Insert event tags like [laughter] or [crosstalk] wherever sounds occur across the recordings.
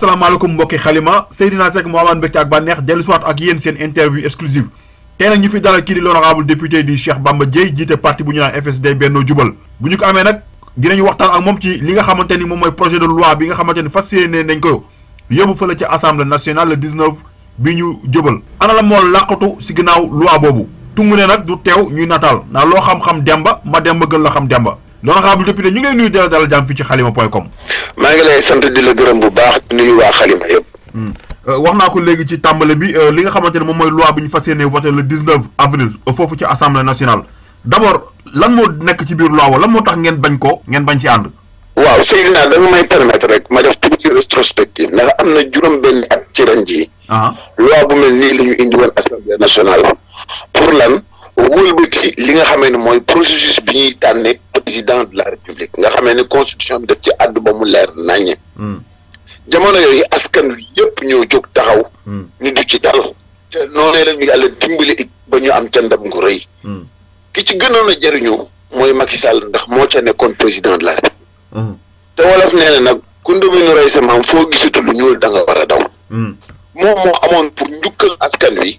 Assalamualaikum mbokki xalima Seydina Seck Mohamad bekk ak banex delu swat ak yéen sen interview exclusive tey nak ñu fi dalal ki di l'honorable député du Cheikh Bamba jité parti bu ñu naan FSD Benno Jubal bu ñu ko amé nak dinañu waxtaan ak mom ci li nga xamanteni mom moy projet de loi bi nga xamanteni fasiyene ko ci assemblée nationale le 19 bi ñu jubal ana la mol laqatu ci ginaaw loi bobu tungu ne nag du tew ñuy natal na lo xam-xam demba ma demba gën la xam demba l'honorable député ñu ngi lay nuyu dala dalal jàmm fii ci xalima point com. maa ngi lay sant di la bu baax hmm. euh, wax naa ko léegi ci tàmbale bi euh, li nga xamante ne moom mooy loi bi ñu fas yéene euh, foofu ci assemblée nationale d'abord lan moo nekk ci biir loi wa lan moo tax ngeen bañ ko ngeen bañ ci ànd. waaw Seydina da nga may permettre rek ma def tuuti rétrospective ndax am na juróom-benn at ci ren jii. Ah. loi bu mel nii la ñu indi woon assemblée nationale pour lan. wëlbati li nga xamee ne mooy procesus bi ñuy tànnee président de la république nga xamee ne constitution bi def ci àddu ba mu leer naññe. Hmm. jamono yooyu askan wi yëpp ñoo jóg taxaw. ñu hmm. du ci dal. te noonu la ñu ba ñu am ca ndam gu rëy. Hmm. ki ci gënoon a mooy Macky Sall ndax moo ca nekkoon président la république. te wolof nee nag ku ndëbënu rey sa foo gisatu lu ñuul da nga war a daw. moom moo amoon pour njukkal askan wi.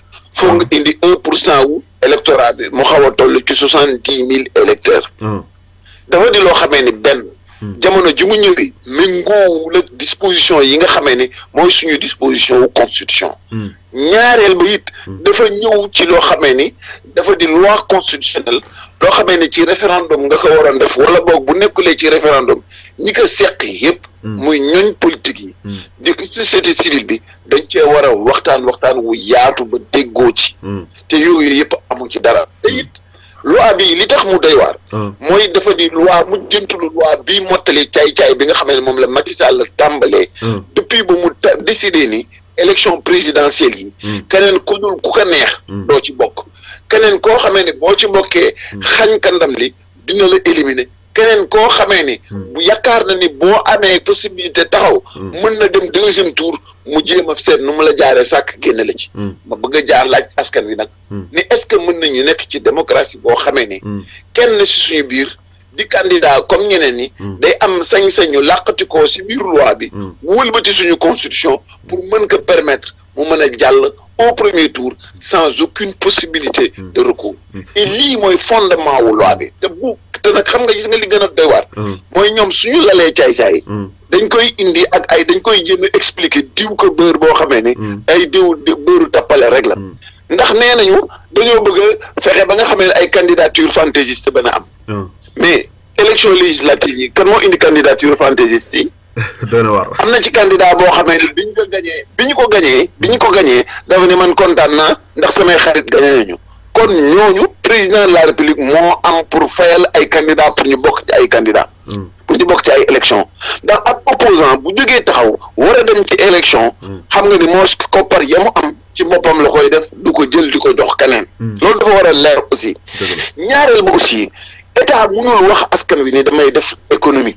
foog nga indi un pour électorat bi mu xaw toll ci soixante dix électeurs hmm. dafa di lo xamé ni ben jamono ji mu ñëwee méngoowu la disposition yi nga xamé ni moy suñu disposition wu constitution hmm. ñaarel ba it dafa ñëw ci lo xamé ni dafa di loi constitutionnelle lo xamé ni ci référendum nga ko waron def wala bok bu nekkulé ci référendum ñi ko seq yëpp. Hmm. muy ñoñ politique yi. Hmm. di société civile bi dañ cee war waxtaan waxtaan wu yaatu ba déggoo ci. Hmm. te yooyu yëpp amu ci dara. te it loi bi li tax mu doy waar. mooy dafa di loi mu jëntulu loi bii mottalee caay caay bi nga xam ne moom la Macky la tàmbalee. depuis ba mu décidé ni élection présidentielle yi. keneen ku dul ku ko neex. doo ci bokk keneen koo xamee ne boo ci bokkee. xañ kandam li dina la éliminer. keneen koo xamee ni. Hmm. bu yakaar na ni boo amee possibilité taxaw. Hmm. mën na dem deuxième tour mu jéem a seet nu mu la jaaree sàkk génn la ci. Hmm. ma bëgg a jaar laaj askan wi nag. ni est-ce que mën nañu nekk ci démocratie boo xamee ni. kenn si suñu biir di candidat comme ñeneen yi day am sañ-sañu ko si biir loi bi. wëlbati suñu constitution pour mën ko permettre. mu mën a jàll au premier tour sans aucune possibilité hmm. de recours hmm. et lii moy fondement wu loi bi te bu te nag xam nga gis nga li gëna doy war. Moy hmm. ñom suñu lalé tay tay. dañ koy indi ak ay dañ koy jëm expliquer diw ko bër bo xamé ni ay diw bëru tapalé rek la ndax nee dañu bëgg fexé ba nga xamé ay candidature fantaisiste bëna am mais élection législative yi kan moo indi candidature fantaisiste [laughs] doy na war am na ci candidat boo xamee ne bi ñu ko gañee bi ñu ko gañee bi ñu ko gañee dafa ne man kontaan naa ndax samay xarit gañee ñu kon ñooñu président de la république moo am pour fayal ay candidat pour ñu bokk ci ay candidat hmm. pour ñu bokk ci ay élection ndax ab opposant bu jógee taxaw war a dem ci élection hmm. xam nga ni moo koppar ya mu am ci boppam la koy def du ko jël di ko jox keneen hmm. loolu dafa war a leer aussi ñaareel ba aussi état mënul wax askan wi ni damay def économie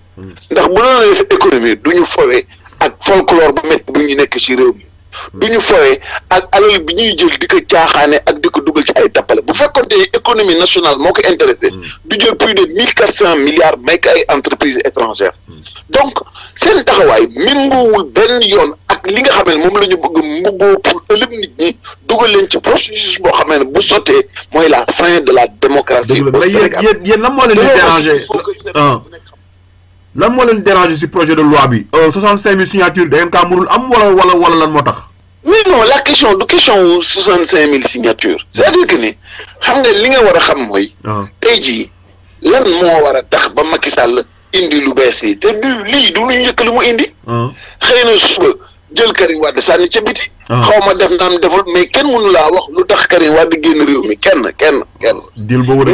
ndax bu doon def économie du ñu fowee ak folklore ba métti bu ñu nekk ci réew mi du ñu fowee ak alal bi ñuy jël di ko caaxaane ak di dugal ci ay tappale bu fekkoon te économie nationale moo ko intéressé du jël plus de mille quatre cent milliards may ko ay entreprises étrangères donc seen taxawaay méngoowul benn yoon ak li nga xam ne moom la ñu bëgg mbubboo pour ëllëg dugal leen ci processus boo xamee ne bu sottee mooy la fin de la démocratie au Sénégal yéen yéen lan moo leen di déranger lan si projet de loi bi 65 euh, 000 signatures da ngeen kaa mënul am wala wala wala lan moo tax mais non la question du question wu 65 000 signatures c'est-à-dire que ni xam nga li nga war a xam mooy ah. tey jii lan moo war a tax ba Macky Sall indi lu bees yi te du lii du lu njëkk lu mu indi ah. xëy na suba jël Karim Wade Ah. xaw ma def naam deful mais kenn mënu laa wax lu tax Karim Wade génn réew mi kenn kenn kenn.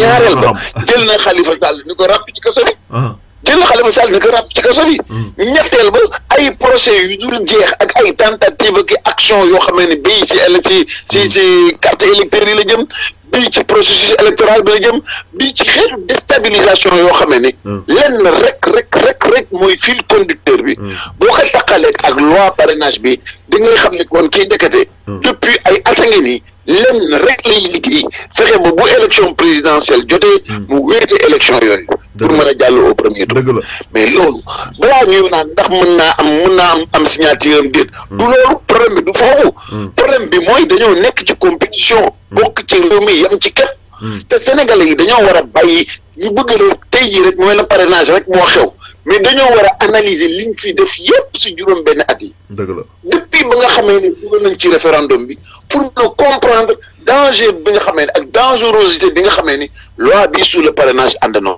ñaareel ba jël na Khalifa Sall ni ko ràpp ci kaso bi. Ah. jël xale Khalifa Sall di ko ràpp ci kaso bi. Hmm. ñetteel ba ay procès yu dul jeex ak ay tentative ki action yoo xamee ne bii ci ci ci hmm. ci carte électeur yi la jëm bii ci processus électoral bi la jëm bii ci xeetu déstabilisation yoo xamee ne. Hmm. lenn rek rek rek rek mooy fil conducteur bi. boo ko taqalee ak loi parrainage bi di ngay xam ne kon kii ndekete. depuis ay at a ngi nii lenn rek lay liggéey fexe ba bu élection présidentielle jotee. mu wéete élection yooyu. pour mën a jàll au premier tour. mais loolu balaa ñuy naan ndax mën naa am mën naa am am signature am déet. Hmm. du loolu problème bi du foofu. Hmm. problème bi mooy dañoo nekk ci compétition. Hmm. bokk ci réew mi yam ci képp. te Sénégalais yi dañoo war a bàyyi ñu bëgg rek tey jii rek mooy la parenage rek moo xew mais dañoo war a analyser liñ fi def yépp si juróom benn at yi. dëgg la depuis ba nga xamee ne dugal nañ ci référendum bi pour nga comprendre. danger bi nga xamee ni ak dangerosité bi nga xamee ni loi bi sur le parrainage ànd na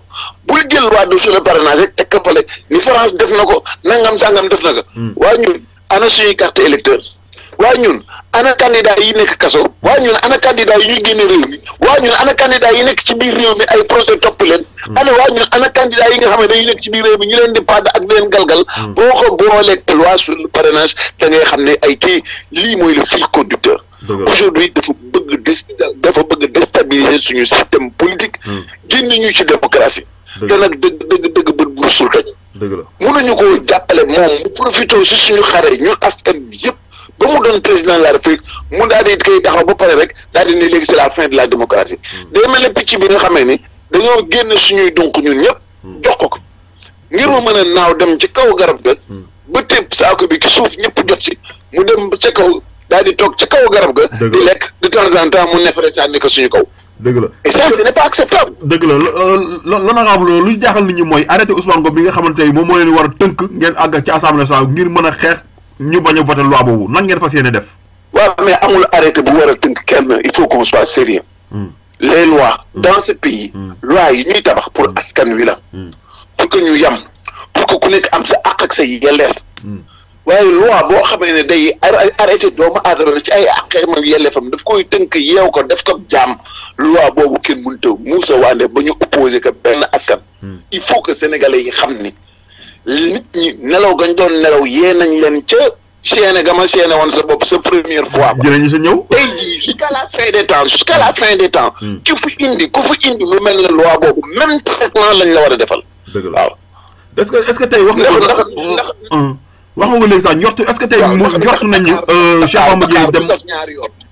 bul jël loi bi sur le parrainage rek teg ko fale ni France def na ko nangam sangam def na ko. Hmm. waa ñun ana suñuy carte électeur waa ñun ana candidat yi nekk kaso waa ñun ana candidat yi ñuy génne réew mi waa ñun ana candidat yi nekk ci biir réew mi ay procès topp leen hmm. ana waa ñun ana candidat yi nga xam ne dañuy nekk ci biir réew mi ñu leen di padd ak di leen galgal hmm. boo ko booleeg loi sur le parrainage da ngay xam ne ay kii lii mooy le fil conducteur aujourd'hui dafa bëgg dafa bëgg déstabiliser suñu système politique. Hmm. génn ñu ci démocratie. te nag dëgg dëgg dëgg bët bu suul dañu. dëgg la mënuñu ko jàppale moom mu profité si suñu xare ñun askan bi yëpp ba mu doon président de la république mu daal di koy taxaw ba pare rek daal di léegi si la fin de la démocratie. Hmm. day mel ne picc bi nga xamee ni dañoo génn suñuy donc ñun ñëpp. Hmm. jox ko ko ngir mu mën a naaw dem ci kaw garab ga. ba tépp saako bi ki suuf ñëpp jot si mu dem ca kaw. daal di toog ca kaw garab ga. di lekk de temps en temps mu nefere sànni ko suñu kaw. dëgg la et ça ce n'est pas lu jaaxal nit ñi mooy arrêté Ousmane Ngom bi nga xamante ni moom moo leen war a tënk ngeen àgg ci assemblée nationale ngir mën a xeex ñu bañ a voté loi boobu nan ngeen fas yéene def. waaw mais amul arrêté bu war a tënk kenn il faut qu'on soit sérieux hmm. les lois hmm. dans ce pays. Hmm. lois yi ñuy tabax pour askan wi la. pour que ñu yam pour que ku nekk am sa àq ak sa yelleef. waaye loi boo xamee ne day arrêté doomu aadama ci ay àqeemam yelleefam daf koy tënk yeew ko def ko jaam loi boobu kenn mënta muusa waande ba ñu opposé ko benn askan hmm. il faut que sénégalais yi xam ni nit ñi nelaw gañ doon nelaw yee nañ leen ca seene gama seene woon sa bopp sa première fois ba dinañu sa ñëw tey jii la fin des temps jusqu'à la fin des temps hmm. ku fi indi ku fi indi lu mel ne loi boobu même traitement lañ la war a defal waaw est-ce que est-ce que tey wax wax nga léegi sax njortu est-ce que tey njortu nañu euh, Cheikh Bamba Dièye dem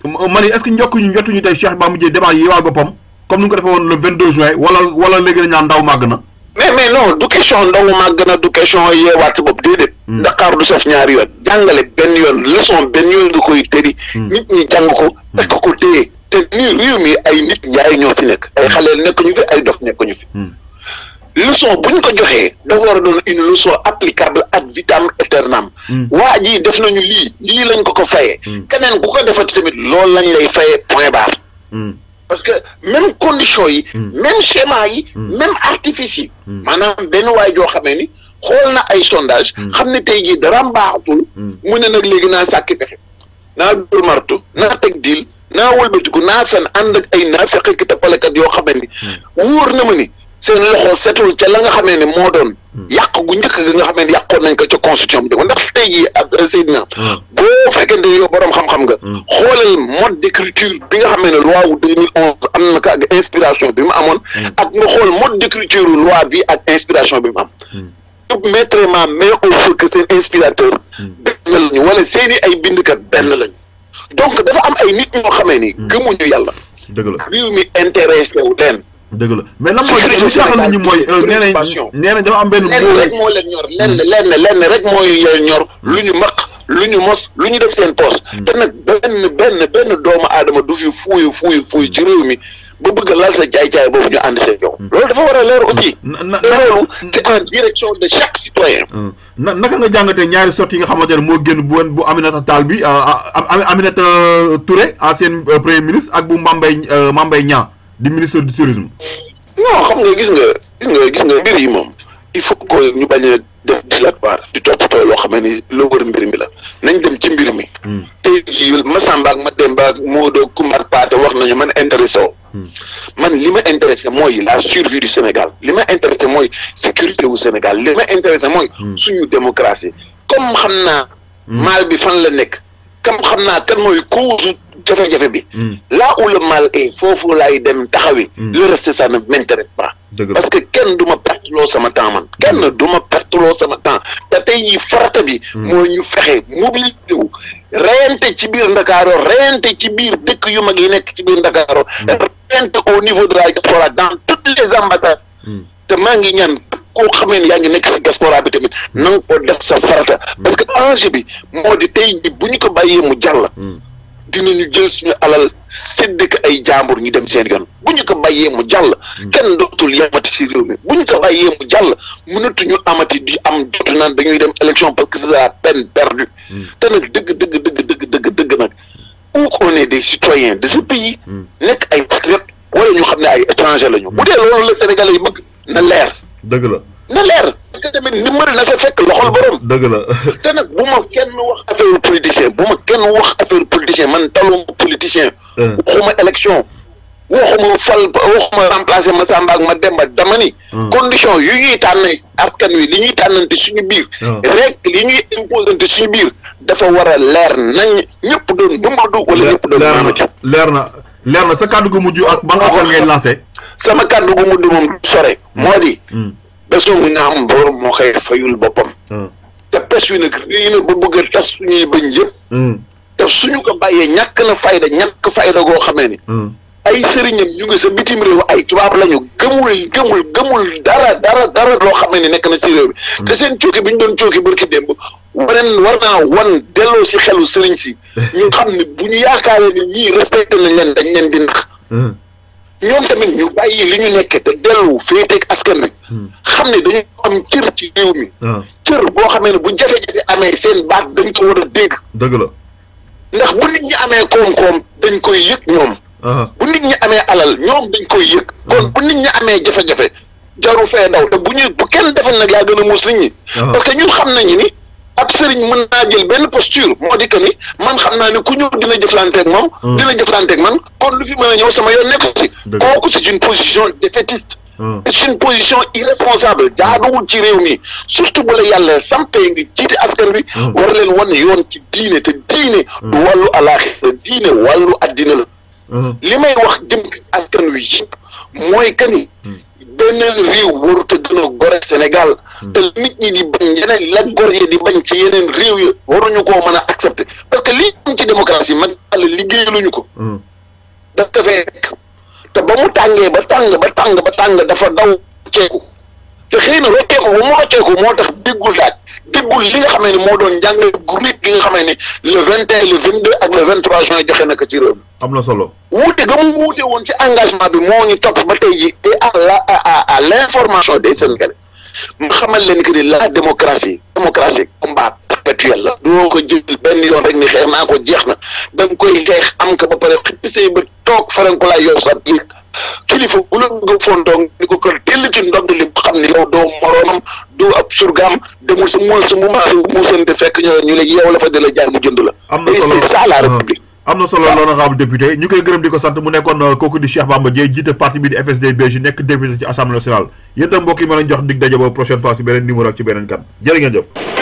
ma ne est-ce que njokkuñu njortuñu tey Cheikh Bamba Dièye débat yi waay boppam comme ni nga ko defee woon le 22 juin wala wala léegi ndaw màgg na mais mais non du question ndaw màgg na du question yeewaat sa bopp déedéet hmm. Dakar du saf ñaari yoon jàngale benn yoon leçon benn yoon du koy tëri hmm. nit ñi jàng ko teg hmm. ko ko te nii réew mi ay nit njaay ñoo fi nekk ay xaleel nekk ñu fi ay dof nekk ñu fi leçon bu ñu ko joxee dafa war a doon une leçon applicable ad vitam aeternam. Mm. waa jii def nañu lii lii lañ ko ko fayee. Mm. keneen ku ko ti tamit lool lañu lay fayee point barre. Mm. parce que même condition yi. même schéma yi. même artifice yi. maanaam benn waay joo xamee ni xool na ay sondage xam ne tey jii dara mbaaxatul. mu ne nag léegi naa sàkki pexe. naa dóor martu naa teg diil naa wëlbatiku naa fen ànd ak ay naa fexe tapalekat yoo xamee ni. wóor na ma ni. seen loxo setul ca la nga xamee ne moo doon yàq gu njëkk nga xamee ne yàqoon nañ ko ca constitution bi ndax tey jii ak euh, Seydina ah. boo fekkente yow boroom xam-xam nga hmm. xoolal mode d'écriture bi nga xamee ne loi wu deux mille am na ko ak inspiration bi mu amoon hmm. ak nga xool mode d'écriture loi bi ak inspiration bi mu am ñu hmm. mettre ma main au feu que seen inspirateur benn lañu wala seeni ay bindkat benn lañu donc dafa am ay nit ñoo xamee ni gëmuñu yàlla réew mi intéressé wu leen dëgg la mais na mooy li saxal ñi mooy euh, nee nañ nee nañ dafa am benn. lenn rek moo leen ñor lenn hmm. lenn lenn rek mooy ñor lu ñu maq lu ñu mos lu ñu def seen poos hmm. te nag benn benn benn doomu aadama du fi fuuy fuuy fuuy ci mi ba bëgg laal sa jaay-jaay boobu ñu ànd seen yow. Hmm. loolu dafa war a leer aussi. na loolu c'est en direction de chaque citoyen. naka nga jàngatee ñaari sorties yi nga xamante ne moo génn bu bu Aminata Tall bi euh, Aminata Touré ancienne euh, premier ministre ak bu Mambay Mambay Niang. di ministre du tourisme. non xam nga gis nga gis nga gis nga mbir yi moom il faut que ñu bañ a def dilatoire di toppatoo loo xam ni loo wër mbir mi la nañ dem ci mbir mi. Hmm. tey jii Massamba ak Mademba ak Modou Coumba ak Paate wax nañu man intéressé hmm. man li ma intéressé mooy la survie du Sénégal li ma intéressé mooy sécurité wu Sénégal li ma intéressé mooy. Hmm. suñu démocratie comme xam naa. mal bi fan la nekk. comme xam naa kan mooy cause. jafe-jafe bi. Hmm. là où le mal est foofu laay dem taxawi. Hmm. le reste ça ne m'intéresse parce que kenn du ma perte loo sama temps man kenn hmm. du ma perte loo sama temps te tey jii farata bi. moo ñu fexe mobiliser wu. reyante ci biir Ndakaaro rente ci biir dëkk yu mag yi nekk ci biir Ndakaaro. reyante au niveau de la diaspora dans toutes les ambassades. te maa ngi ñaan koo xamee yaa ngi nekk si diaspora bi tamit na nga ko def sa farata. parce que enjeu bi moo di tey bu ñu ko bàyyee mu jàll. dinañu jël suñu alal sédd ko ay jaambur ñu dem seen yoon bu ñu ko bàyyee mu jàll kenn dootul yamati si mi bu ñu ko bàyyee mu jàll ñu amati di am dootu naan dañuy dem élection parce que c'est à peine perdu hmm. te nag dëgg dëgg dëgg dëgg dëgg dëgg nag où qu'on est des citoyens de ce pays hmm. nekk ay patriotes wala ñu xam ne ay étrangers lañu bu dee loolu la Sénégalais yi bëgg na leer dëgg la na leer parce que tamit ndimbal na sa fekk loxol borom. dëgg la [laughs] te nag bu ma kenn wax affaire politicien bu ma kenn wax affaire politicien man taluma politicien. Eh. waxuma élection waxuma fal waxuma remplacer ma Samba ak ma Demba dama ni. Eh. condition yu ñuy tànnee askan wi li ñuy tànnante suñu biir. Eh. rek li ñuy imposante suñu biir dafa war a leer nañ ñëpp doon dumbadu wala ñëpp doon. leer na leer na leer na sa kàddu gu mujj ak ban appel ngay lancé. sama kàddu gu mujj hmm. moo besoo mi nga xam borom moo koy fayul boppam. Hmm. te pes wi nag réy na ba bëgg a tas suñuy bañ yëpp. Hmm. te suñu ko bàyyee ñàkk na fayda ñàkk fayda goo xamee ni. Hmm. ay sëriñam ñu ngi sa bitim réew ay tubaab lañu gëmul gëmul gëmul dara dara dara loo xamee ni nekk na si réew bi te seen cooki bi ñu doon cooki barki war naa wan delloo si xelu sëriñ si [laughs] ñu xam ne bu ñu yaakaaree ni ñii respecté nañ leen dañ di ñoom tamit ñu bàyyi li ñu nekk te dellu féeteeg askan wi. xam ne dañu am cër ci réew mi. cër boo xamee ne bu jafe-jafe amee seen baat dañ ko war a dégg. dëgg la ndax bu nit ñi amee koom-koom dañ koy yëg ñoom. bu nit ñi amee alal ñoom dañ koy yëg. kon bu nit ñi amee jafe-jafe jaru fee daw te bu ñuy bu kenn defal nag yaa gën a muus nit ñi. parce que ñun xam nañu ni. ab sëriñ mën naa jël benn posture moo di que ni man xam naa ne ku ñëw dina jëflanteeg moom. Hmm. dina jëflanteeg man kon lu fi mën a ñëw sama yoon nekk si. kooku c'est une position défaitiste. Hmm. c'est une position irresponsable jaaduwul ci réew mi surtout bu la yàlla sampee nga jiite askan bi hmm. war leen wan yoon ci diine te diine du wàllu alaaxira diine wàllu addina la li may wax jëm askan wi yëpp mooy que beneen réew warut a gën a gore Sénégal hmm. te nit ñi di bañ yeneen la gor yi di bañ ci yeneen réew yi waruñu koo mën a accepter parce que lii am ci démocratie mag àll liggéeyaluñu ko hmm. daf ko fee rek te ba mu tàngee ba tàng ba tàng ba tàng dafa daw ceeku te xëy na rocceeku bu mu rocceeku moo tax déggul daaj déggul li nga xam ne moo doon njàngale gu nit gi nga xam ne ni le vingt et un le vingt deux ak le vingt na ko ci réew solo wuute ga mu wuute woon ci engagement bi moo ngi topp ba tey jii et la à à l' information des Sénégalais mu xamal leen que ni la démocratie démocratie combat perpétuel la. doo ko jël benn yoon rek ni xeex naa ko jeex na da nga koy xeex am ko ba pare xëpp say ba toog faram ko laay yow kilifa bu la nga fontoog ni ko kër tell ci ndodd li xam ni yow doo moroomam doo ab surgaam demul sa mu sa mu maase mu fekk ñu ñu la yeew la fa di la mu jënd la. am na solo et député ñu koy gërëm di ko sant mu nekkoon euh, kooku di Cheikh Bamba Dièye jiite parti bi di FSD/BJ nekk député ci assemblée nationale yéen tam mbokk yi ma jox dig daje ba prochaine fois si beneen numéro ak ci beneen kan jërë ngeen jëf.